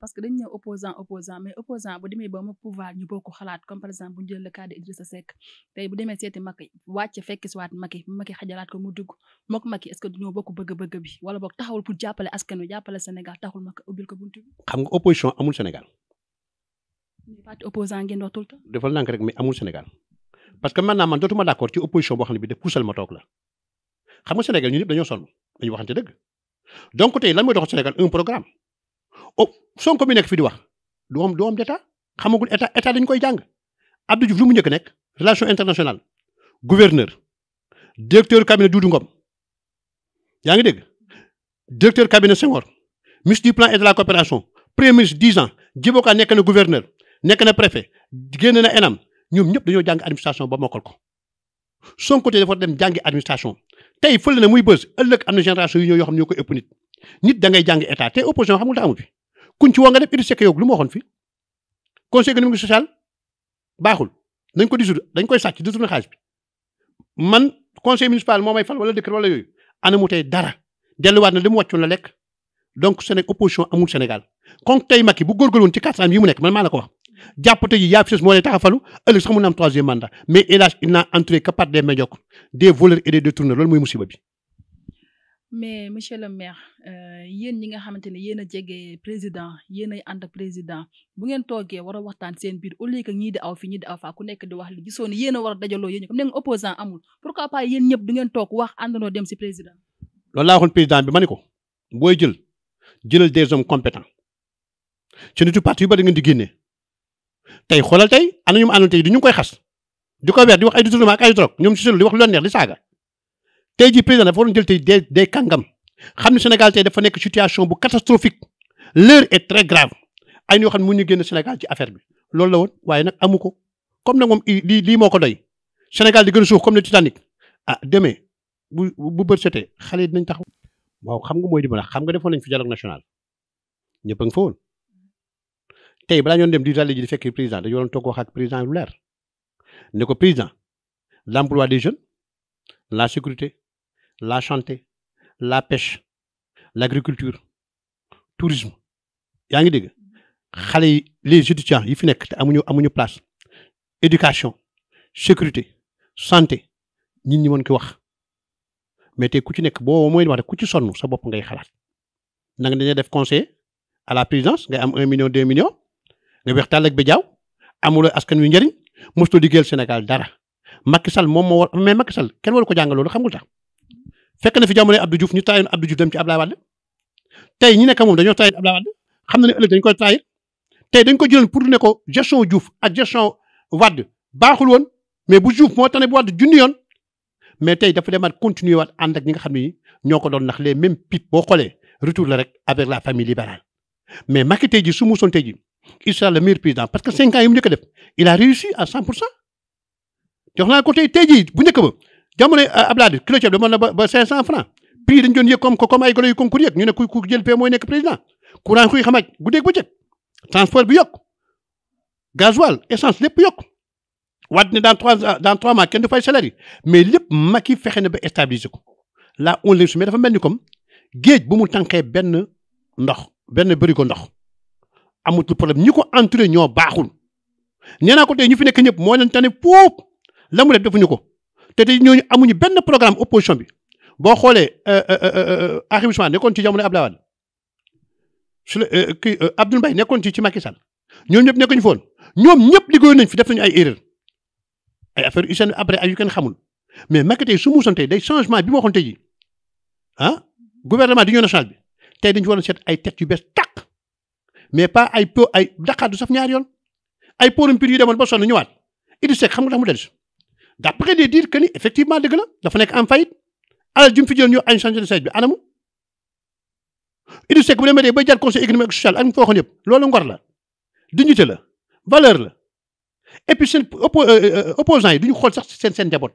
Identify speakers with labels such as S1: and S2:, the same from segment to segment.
S1: parce que dañ ne opposant opposant mais opposant bu demee ba mu pouvoir ñu bokk xalaat comme par exemple bu ñu jël le cas de Idrissa Seck tey bu demee seeti Macky wàcce fekki siwaat Macky Macky xajalaat ko mu dugg mook Macky est-ce que duñoo bokk bëgg-bëgg bi wala boog taxawul pour jàppale askan wi jàppale Sénégal taxul Macky ubbil ko buntu bi
S2: xam nga opposition amul Sénégal
S1: mais parti opposant ngeen wax tout le temps
S2: defal rek mais amul Sénégal parce que maintenant man dootuma d'accord ci opposition boo xam ne bi def puusal ma toog la xam nga Sénégal ñun ñëpp dañoo sonn dañu waxante dëgg donc tey lan mooy dox Sénégal un programme oh Sonko bi nekk fi di wax du am du xamagul état état dañu koy jàng Abdou Diouf lu mu njëkk nekk relation internationale gouverneur directeur cabinet Doudou Ngom yaa ngi dégg directeur cabinet Senghor ministre du plan et de la coopération premier ministre dix ans Djibo Ka nekk na gouverneur nekk na préfet génn na ENAM ñoom ñëpp dañoo jàng administration ba mokkal ko Sonko tey dem jàngi administration tey fële na muy bës ëllëg am na génération yi ñoo yoo xam ne ñoo koy ëpp nit nit da ngay jàng état tey opposition xam nga daa amul fi kuñ ci woo nga def Idrissa Seck yow lu mu waxoon fi conseil économique social baaxul dañ ko dissoudre dañ koy sàcc détourné xaalis bi man conseil municipal moom may fal wala décret wala yooyu anamu tey dara delluwaat na li mu wàccoon la lekk donc Sénégal opposition amul Sénégal kon tey Macky bu góorgóorlu ci quatre yi mu nekk man maa la ko wax jàppate yi yaa fi sos moo lay tax a falu ëllëg sax mën na am mandat mais hélas il n'a entouré que par des médiocres des voleurs et des loolu mooy musiba bi.
S1: mais monsieur le maire euh, yéen ñi nga xamante ne yéen a jege président yéen ay ànd président bu ngeen toogee war a waxtaan seen biir au lieu que ñii di aw fi ñii di aw faa ku nekk di wax li gisoo ne yéen a war dajaloo yéen comme ne nga opposant amul pourquoi pas yéen ñëpp du ngeen toog wax àndandoo dem si président.
S2: loolu laa waxoon bi ma ne ko booy jël jëlal des hommes compétents di génne tey xoolal tey ana ñu mu àndal tey di ñu koy xas di ko weer di wax ay ñoom si selu di wax lu leen neex di saaga tey ji président dafa waroon jël tey des des kàngam xam ne Sénégal tey dafa nekk situation bu catastrophique l'heure et très grave ay ñoo xam mu mun ñu génn Sénégal ci affaire bi loolu la woon waaye nag amu ko comme nag moom lii lii moo ko doy Sénégal di gën a suuf comme le Titanic ah demain bu bu bët setee xale yi dinañ taxaw waaw xam nga mooy di ma xam nga defoon nañ fi dialogue national ñëpp a ngi tey balaa ñoon dem di ràlli ji di fekk président dañu waroon toog wax ak président ko président l'emploi des jeunes la sécurité la santé la pêche l'agriculture tourisme yaa ngi dégg xale yi les étudiants yi fi nekk te amuñu amuñu place éducation sécurité santé nit ñi mën ko wax mais tey ku ci nekk boo mooy wax rek ku ci sonn sa bopp ngay xalaat nanga dañuy def conseil à la présidence ngay am un million deux millions nga weex tàll ak bi jaaw amuloo askan wi njëriñ mosutoo liggéeyal Sénégal dara Macky Sall moom moo war mais Macky Sall kenn waru ko jàngal loolu xam nga tax fekk na fi jamono Abdou Diouf ñu taayoon Abdou Diouf dem ci Abdoulaye Wade tey ñi nekk moom dañoo taayoon Abdoulaye Wade xam na ne ëllëg dañ koy taayir tey dañ ko jëloon pour ne ko gestion Diouf ak gestion Wade baaxul woon mais bu Diouf moo tax ne bu Wade junni yoon mais tey dafa demaat continuer waat ànd ak ñi nga xam ni ñoo ko doon ndax les mêmes pipes boo xoolee retour la rek avec la famille libérale mais Macky tey ji su muusoon tey ji il sera le meilleur président parce que cinq ans yi mu def il réussi à cent pour cent jox naa ko tey tey jii bu njëkk ba jamono euh, Abdoulaye kilo ceeb demoon na ba ba cinq cent francs prix dañu doon yëg comme comme ay golo yu concours yëg ñu ne ku ku jël paie mooy nekk président courant kuy xamaj guddeeg bëccëg transport bi yokk gasoil essence lépp yokk waat ne dans trois dans trois mois kenn du fay salaire yi mais lépp Macky fexe na ba stabiliser ko la on le mais dafa mel ni comme géej bu mu tànkee benn ndox benn bëri ko ndox amatul problème ñi ko entouré ñoo baaxul nee naa ko tey ñu fi nekk ñëpp moo leen tane foofu la mu def ñu ko te tey ñooñu amuñu benn programme opposition bi boo xoolee euh, euh, euh, Akhi Ousmane nekkoon ci jamono Abdoulaye Wade su la kii Abdoul nekkoon ci ci Macky Sall ñoom ñëpp ñu foon ñoom ñëpp liggéeyoon nañ fi def nañu ay erreur ay affaire yu seen après ay yu kenn xamul mais Macky tey su muusoon tey day changement bi ma waxoon tey ji ah gouvernement d'union bi tey dañu war a seet ay tête yu bees tàq. mais pas ay po ay Dakar du saf ñaari yoon ay pôles yu demoon ba sonn ñëwaat Idrissa Seck xam nga tax mu dellu si d'après que ni effectivement dëgg la dafa nekk en faillite alal ju mu fi ay changé de siège bi anamu. Idrissa Seck bu demee dee bay jar conseil économique et social ak foo xam yëpp loolu ngor la dignité la valeur la et puis seen oppo euh, euh, opposants yi du ñu xool sax seen seen njaboot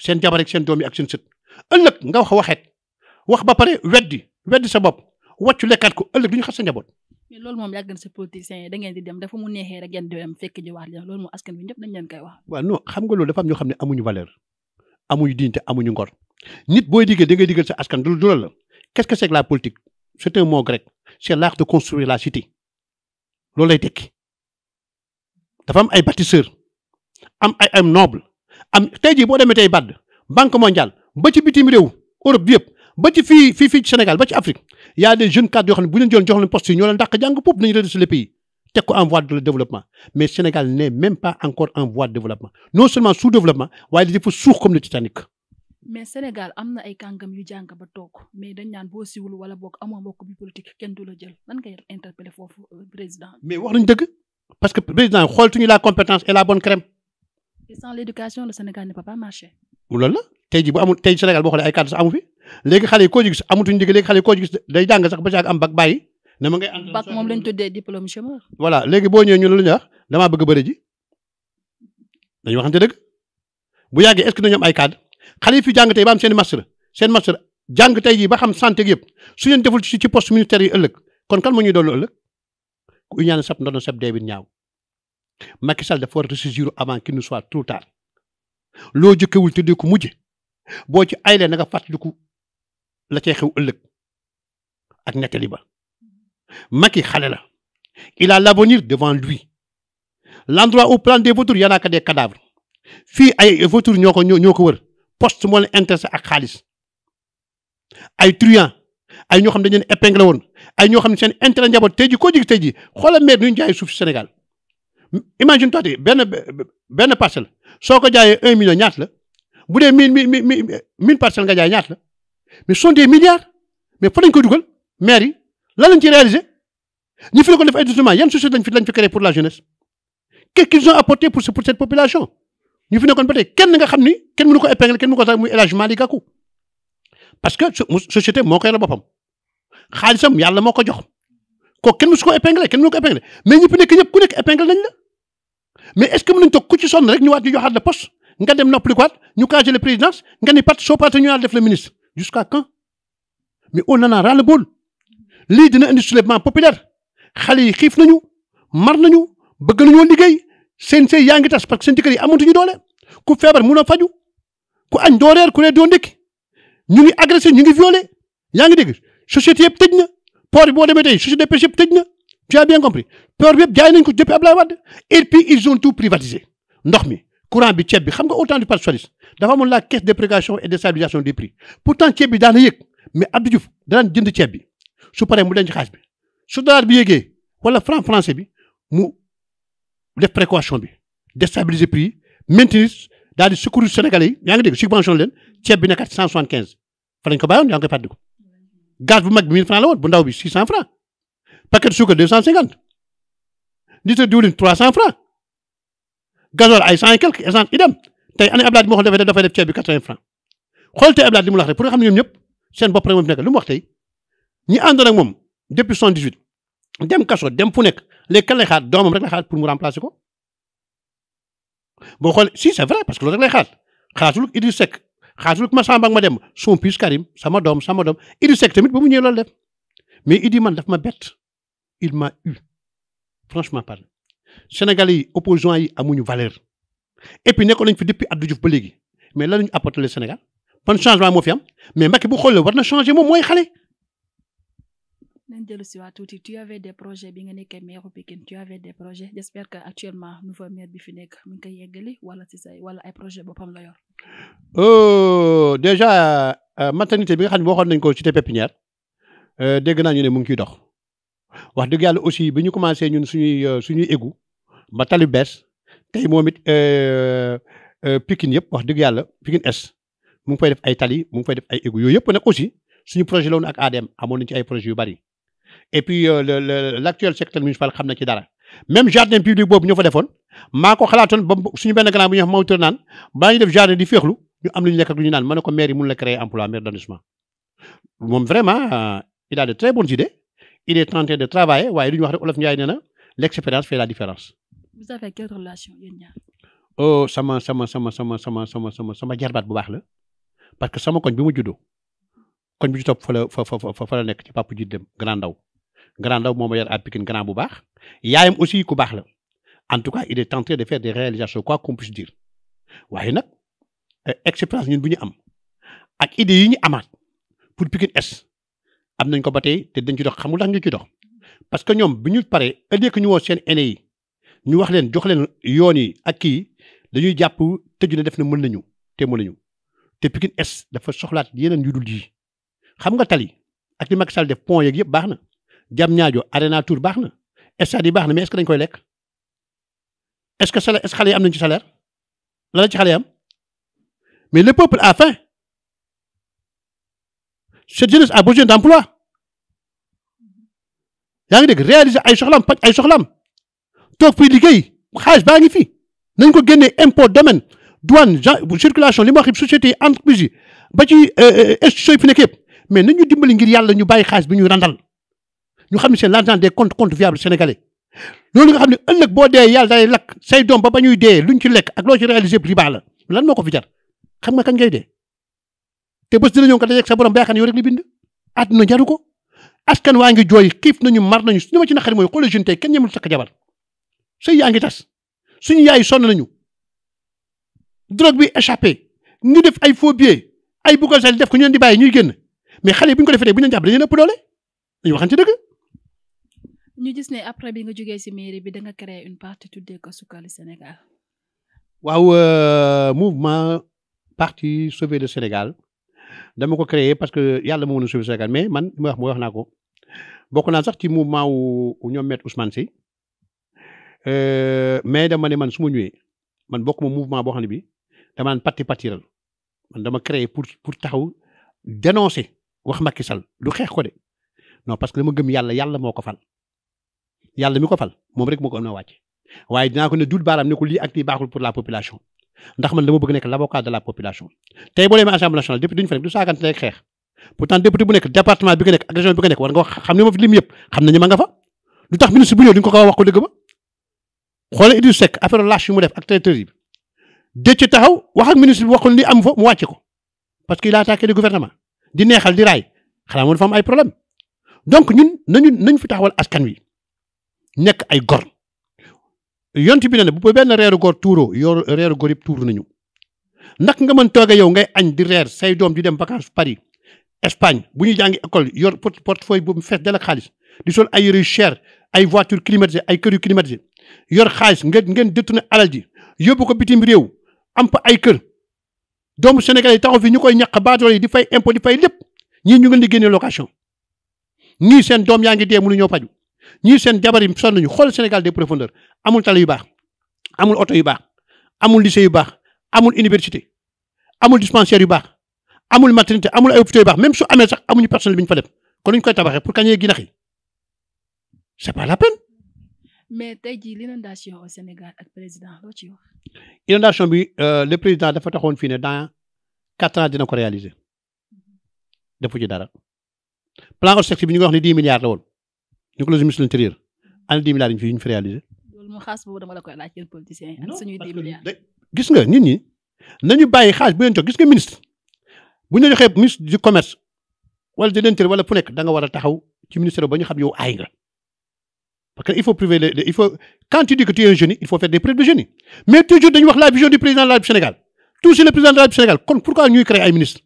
S2: seen jabar ak seen doom yi ak seen sët ëllëg nga wax waxeet wax ba pare weddi weddi sa bopp wàccu lekkaat ko ëllëg du ñu xas sa njaboot.
S1: mais loolu moom yàgg na si politiciens yi da ngeen di dem dafa mu neexee rek ngeen di dem fekk ji wax loolu moom askan bi ñëpp dañ leen koy wax.
S2: waaw non xam nga loolu dafa am ñoo xam ne amuñu valeur amuñu dignité amuñu ngor nit booy diggee da ngay diggal sa askan du loolu la qu'est-ce que c'est que la politique c'est un mot grec c'est l'art de construire la cité loolu lay tekki dafa am ay bâtisseurs am ay am noble am tey jii boo demee tey badd banque mondiale ba ci bitim réew Europe bi yëpp ba ci fii fii fii Sénégal ba Afrique y a des jeunes cadres yoo xam ne bu ñu leen jëloon jox leen poste nañu redresser le pays teg ko en voie de développement mais Sénégal n'est même pas encore en voie développement non seulement sous développement waaye dafa suux comme le Titanic.
S1: mais Sénégal am na ay kàngam yu jàng ba toog mais dañ naan boo siwul wala boog amoo mbokk bi politique kenn du la jël lan ngay interpellé foofu euh, président. mais wax
S2: nañu que président xoolatuñu la la bonne crème.
S1: et sans l'éducation le Sénégal ne peut pas
S2: léegi xale yi koo ci gis amatuñu digg léegi xale day jàng sax ba ci ak am bac baay ne ma ngay entre
S1: bac moom lañ tuddee diplôme chômeur
S2: voilà léegi boo ñëwee ñu ne lu ñu wax damaa bëgg bëri ji dañu waxante dëgg bu yàggee est-ce que dañu am ay cadre xale yi fi jàng tey ba am seen master seen master jàng tey jii ba xam santé yëpp su leen deful ci ci poste ministère yi ëllëg kon kan moo ñuy doon ëllëg ku ñaan sab ndono sab dee ñaaw Macky Sall dafa war si ressaisir avant qu'il ne soit trop tard loo jëkkewul te di ko boo ci aylee na fàttaliku la cay xew ëllëg ak nettali ba Macky xale la il a l'avenir devant lui l'endroit où plantent des vautours y en a que fii ay vautours ñoo ko ñoo ko wër poste moo leen ak xaalis ay truand ay ñoo xam ne dañu leen woon ay ñoo xam ne seen intérêt njaboot tey ji ji xoolal maire nu ñu jaayee suuf si Sénégal imagine toi tey benn benn parcelle soo ko jaayee un million ñaata la bu dee mille mille mille parcelle nga jaay ñaata la mais ce sont des milliards mais fa lañ koy dugal maire yi lan lañ ci réalisé ñu fi ko def ay yan société lañ fi lañ fi pour la jeunesse qu'est-ce apporté pour cette population ñu fi nekkoon ba kenn nga xam ni kenn mënu ko épingle kenn mënu ko sax muy élage Malick Gakou parce que société moo ko yore boppam xaalisam yàlla moo ko jox ko kenn mësu ko épingle kenn mënu ko épingle mais ñi fi nekk ñëpp ku nekk épingle nañ la mais est-ce que mën nañ jusqu'à quand mais on en a ras le bol lii dina indi soulèvement populaire xale yi xiif ñu mar nañu bëgg na nañoo liggéey sen se yaa ngi tas parce que seen jëkkër yi amatuñu doole ku feebar mun a faju ku añ doo reer ku reer doo ndékki ñu ngi agressé ñu ngi violé yaa ngi dégg société yëpp tëj na poor bi boo demee tey société de pêche yëpp tëj na tu as bien compris port bi yëpp jaay nañ ko depuis Abdoulaye Wade et puis ils ont tout privatisé ndox mi courant bi ceeb bi xam nga au temps du parti socialiste dafa amoon la caisse de précaution et de stabilisation des prix pourtant ceeb bi daana yëg mais Abdou Diouf danaan jënd ceeb bi su paree mu denc xaalis bi su dollar bi yëgee wala franc français bi mu def précaution bi déstabiliser prix yi maintenir daal di secourir sénégalais yaa ngi dégg subvention leen ceeb bi nekkaat cent soixante quinze fa lañ ko bàyyoon yaa ngi koy fàttaliku gaz bu mag bi mille franc la woon bu ndaw bi six cent franc paquet de sucre deux cent cinquante litre diwlin trois cent franc gasoil ay cent et quelque essence idem tey année Abdoulaye moo xam dafay def dafay def ceeb bi quatre mu wax rek xam ne ñoom ñëpp seen bopp moom fi nekk lu mu wax ñi àndoon moom depuis soixante dix huit dem kaso dem fu nekk léegi kan lay xaar doomam rek lay xaar pour mu remplacer ko boo xool si c'est vrai parce que loolu rek lay xaar xaatul Idriss Seck xaatul Massamba ak ma dem son fils Karim sama doom sama doom Idriss Seck tamit ba mu ñëwee loolu def mais Idi man daf ma bett il m'a Sénégalais yi opposants yi amuñu valeur et puis nekkoon nañ fi depuis Abdou Diouf ba léegi mais lan la ñu apporté le Sénégal ban changement moo fi am mais Macky bu xoolee war na changé moom mooy xale.
S1: nañ dellu si waa tuuti tu avais des projets bi nga nekkee maire Pikine tu avais des projets j' espère que actuellement nouveau maire bi fi nekk mu ngi koy yeggali wala si say wala ay projet boppam la yor.
S2: oh déjà euh, maternité bi nga xam ne waxoon nañ ko cité pépinière euh, dégg naa ñu ne mu ngi ciy dox wax dëgg yàlla aussi bu ñu commencé ñun su suñuy euh, égou ma tali bees tey moom it euh, euh, Pikine yëpp wax dëgg yàlla Pikine Est mu ngi fay def ay tali mu ngi fay def ay égout yooyu yëpp nag aussi suñu projet la woon ak ADM amoon nañu ci ay projets yu bari et puis euh, le l'actuel secrétaire municipal xam na ci dara même jardin public boobu ñoo fa defoon maa xalaatoon ba suñu benn grand bu ñuy wax Mawtur naan balaa ñuy def jardin di féexlu ñu am lu ñu lekk ak lu ñu naan ma ne ko maire yi mun la créer emploi maire d'arrondissement moom de très waaye lu wax rek olof Ndiaye nee na
S1: vous avez quelle relation yéen
S2: oh, sama sama sama sama sama sama sama jarbaat bu baax la parce que sama koñ bi ma juddoo koñ bi ci topp fa la fa la nekk ci papa ji dem grand ndaw grand ndaw moo ma yar à Pikine grand bu baax yaayam aussi ku baax la en tout cas il est tenté de faire des réalisations quoi qu'on puisse dire waaye nag eh, expérience ñun bu ñu am ak idée yi ñu amaat pour Pikine Est am nañ ko ba tey te dañ ci dox xamul tax ñu ci dox parce que ñoom bi ñu paree ëllëg ñu woo seen aîné yi ñu wax leen jox leen yoon yi ak kii dañuy jàpp tëju ne def na mën nañu te mën nañu te Pikine Est dafa soxlaat yeneen yu dul ji xam nga tali ak li Macky Sall def pont yeeg yëpp baax na jam ñaajo Arena Tour baax na stade yi baax na mais est-ce dañ koy lekk est-ce que salaire est-ce xale yi am nañu ci salaire la la ci xale yi am mais le peuple a faim cette jeunesse a besoin d'emploi yaa ngi dégg réaliser ay soxlaam paj ay soxlaam toog fii liggéey xaalis baa ngi fi nañ ko génnee impôt domaine douane circulation li ma wax société yi entreprise yi ba ci euh, euh, institution yi fi nekk yëpp mais nañu dimbali ngir yàlla ñu bàyyi xaalis bi ñu randal ñu xam ne c'est l'argent des comptes comptes viables sénégalais loolu nga xam ne ëllëg boo dee yàlla day lakk say doom ba ba ñuy dee luñ ci lekk ak loo ci réalisé riba la lan moo ko fi jar xam nga kañ ngay de te bés dina ñëw nga dajeeg sa borom baaxaan yow rek li bind àdduna jaru ko askan waa ngi jooy nañu mar nañu su ma ci naqari mooy xoolal jeune tey kenn ñemul takk sëy yaa tas suñu yaay sonn nañu drogue bi échappé ñu def ay faux billets ay buggal sal def ko ñu leen di bàyyi ñuy génn mais xale yi bu ñu ko defee bu ñu leen jàpp dañu leen doole dañu waxan ci dëgg.
S1: ñu gis ne après bi nga jógee ci mairie bi da nga créer une parti tuddee ko Suqali Sénégal.
S2: waaw euh, mouvement parti sauver le Sénégal dama ko créer parce que yàlla moo na a sauver Sénégal mais man li ma wax mooy wax naa ko bokk naa sax ci mouvement wu ñoom met Ousmane Sy. Euh, mais dama ne man su ma ñëwee man bokkuma mouvement boo xam ne bi dama naan patti pattiral man dama créer pour pour taxaw dénoncer wax Macky Sall du xeex ko de non parce que dama gëm yàlla yàlla moo ko fal yàlla mi ko fal moom rek moo ko am waaye dinaa ko ne dul baaraam ne ko lii ak baaxul pour la population ndax man dama bëgg nekk l'avocat de la population tey boo demee assemblée nationale du saagante nekk xeex pourtant député bu nekk département bi nga nekk xoolal Idriss Seck affaire lâche yi mu def ak traiteurs yi taxaw wax ak ministre bi waxul li am fa mu wàcce ko parce que il a attaqué le gouvernement di neexal di raay xanaa moom dafa am ay problème donc ñun nañu nañ fi taxawal askan wi nekk ay gor yont bi ne ne bu benn reeru góor tuuroo yor reeru góor yëpp tuur nañu nak nga man tooge yow ngay añ di reer say doom di dem vacances Paris Espagne bu ñuy jàngi école yor portefeuille bu mu fees dal ak xaalis di sol ay yére cher ay voiture climatisée ay kër yu climatisé yor xaalis ngeen ngeen na alal ji yóbbu ko bitim réew am fa ay kër doomu Sénégal yi taxaw fii ñu koy ñàq baadoole yi di fay impo di fay lépp ñii ñu ngi di génne location ñii seen doom yaa ngi dee mënu ñoo faju ñii seen jabar yi sonn nañu xool Sénégal de profondeurs amul tale yu baax amul oto yu baax amul lycée yu baax amul université amul dispensaire yu baax amul maternité amul ay hôpitaux yu baax même su amee sax amuñu personnel bi ñu fa def kon ñu koy tabaxee pour kañee ginax yi c'est
S1: mais tey jii l'inondation au Sénégal ak président loo ci wax.
S2: inondation bi euh, le président dafa taxoon fii ne daa quatre ans dina ko réaliser mm-hmm. defu ci dara plan ORSEC bi ñu ngi wax ne dix milliards la woon ñu ko la ministre de l'intérieur ana dix milliards yi ñu fi ñu fi réaliser.
S1: loolu dama la koy laaj yéen politiciens yi
S2: gis nga nit ñi nañu bàyyi xaalis bu leen jox gis nga ministre bu ñu la joxee ministre du commerce wala de l'intérieur wala fu nekk da nga war a taxaw ci ministère ba ñu xam yow aay nga. Parce qu'il faut priver les, les, il faut, quand tu dis que tu es un génie, il faut faire des preuves de génie. Mais toujours, nous la vision du président de la Sénégal. Toujours le président de la Sénégal. Pourquoi nous créons un ministre?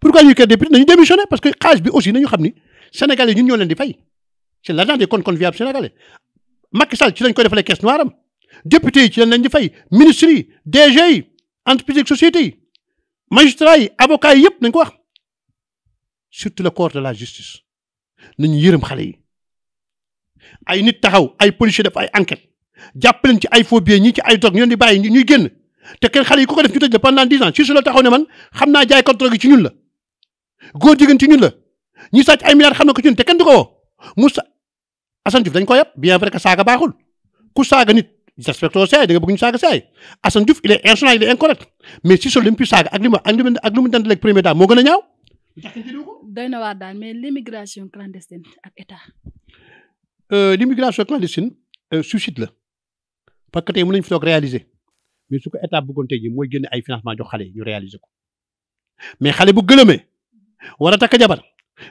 S2: Pourquoi nous créons des prix? Nous parce que Khashbi aussi, nous savons, Sénégalais, nous sommes des C'est l'argent des comptes conviables sénégalais. Macky Sall, tu l'as encore fait les caisses noires. Député yi ci fay ministres yi DG yëpp nañ ko wax surtout le corps de la justice nañu yërëm xale yi ay nit taxaw ay policier def ay enquête jàpp leen ci ay faux billets ñii ci ay drogue ñoon di bàyyi ñuy génn te kenn xale yi ku ko def ñu tëj la pendant dix ans si su taxaw ne man xam naa jaay contre drogue ci ñun la góor jigéen ci ñun la ñu sàcc ay milliards xam na ko ci ñun te kenn du ko woo Moussa Assane Diouf dañ ko yab bien vrai que saaga baaxul ku saaga nit respectoo saay da nga bëgg ñu saaga saay Assane Diouf il est incorrect mais si su mu fi saaga ak li a ñaaw
S1: doy na waar daal
S2: Euh, l'immigration clandestine euh, suicide la parce que tey mën nañu fi toog réaliser mais su ko état bëggoon tey jii mooy génne ay financement jox xale yi ñu réaliser ko mais xale bu gëlëmee war a takk jabar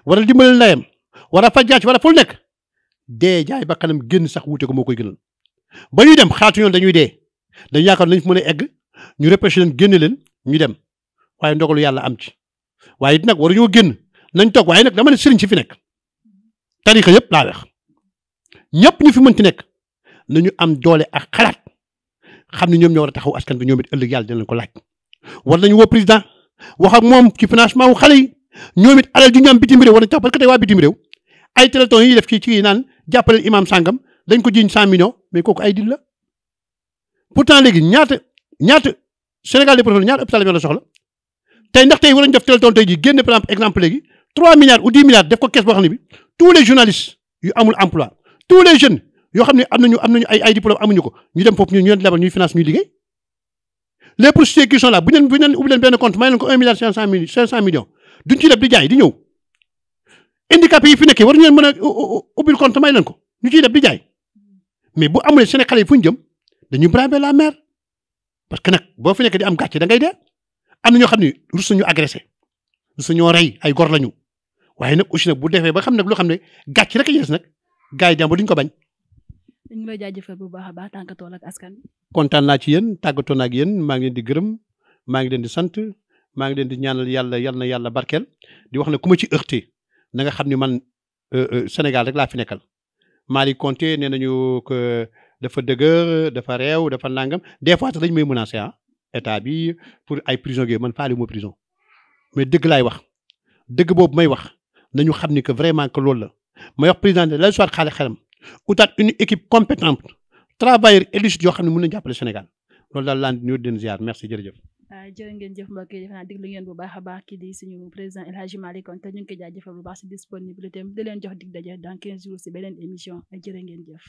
S2: war a dimbali ndeyam war a faj jaaj war a ful nekk dee jaay ba kanam génn sax wuute ko moo koy gënal ba ñuy dem xaatu ñoon dañuy dee dañu yaakaar nañ fi mën a egg ñu repêché leen génne leen ñu dem waaye ndogalu yàlla am ci waaye it nag waruñoo génn nañ toog waaye nag dama ne sëriñ si fi nekk tarixa yëpp laa ñëpp ñu fi mënti nekk nañu am doole ak xalaat xam ni ñoom ñoo war a taxaw askan bi ñoom it ëllëg yàlla dina ko laaj war nañu woo président wax ak moom ci financement wu xale yi ñoom it alal ju ñu am bitim réew war nañu tax parce que tey waa bitim réew ay téléthon yi def ci ci naan jàppaleel imam sàngam dañ ko jiñ cent millions mais kooku ay dil la pourtant léegi ñaata ñaata Sénégal des professeurs ñaata hôpital la soxla tey ndax tey war nañu def téléthon tey exemple léegi trois milliards ou dix milliards def les journalistes yu amul emploi tous les jeunes yoo xam ne am nañu am nañu ay ay diplôme amuñu ko ñu dem foofu ñu ñu leen lebal ñuy finance ñuy liggéey les prostituées qui sont bu ñu leen bu ñu leen ubbi benn compte may leen ko un milliard cinq cent mille cinq cent ci leb di jaay di ñëw handicapé yi fi nekkee war ñu leen mën a ubbil compte may leen ko ñu ciy leb di jaay mais bu amulee Sénégalais yi fu ñu jëm dañuy braver la mer parce que nag boo fi nekkee di am gàcce da ngay dee am na ñoo xam ne rus nañu agressé rus nañoo rey ay gor lañu waaye nag aussi nag bu defee ba xam nag loo xam ne gàcce rek a jees nag gars yi jàmbur duñ ko bañ.
S1: dañu lay jaajëfal bu baax a baax tàggatoo ak askan
S2: kontaan naa ci yéen tàggatoo nag ak yéen maa ngi leen di gërëm maa ngi leen di sant maa ngi leen di ñaanal yàlla yal na yàlla barkeel di wax ne ku ma ci heurté na nga xam ni man euh, euh, Sénégal rek laa fi nekkal Malick Konté nee nañu que dafa dëgër dafa reew dafa nangam des fois sax dañu may menacé ah état bi pour ay prison man faale wu prison mais dëgg laay wax dëgg boobu may wax nañu xam ni que vraiment que loolu la. ma wax président de la soit xaale xelam une équipe compétente travailleur illustre yoo xam ne mën jàppale Sénégal loolu daal laan ñëw den ziar merci jërëjëf
S1: ah, jërë ngeen jëf mbokk yi defe naa déglu ngeen bu baax a baax kii di suñu président El Hadji Malick Konte ñu ngi koy jaajëfal bu baax si disponibilité am di leen jox dig daje dans 15 jours si beneen émission jërë ngeen jëf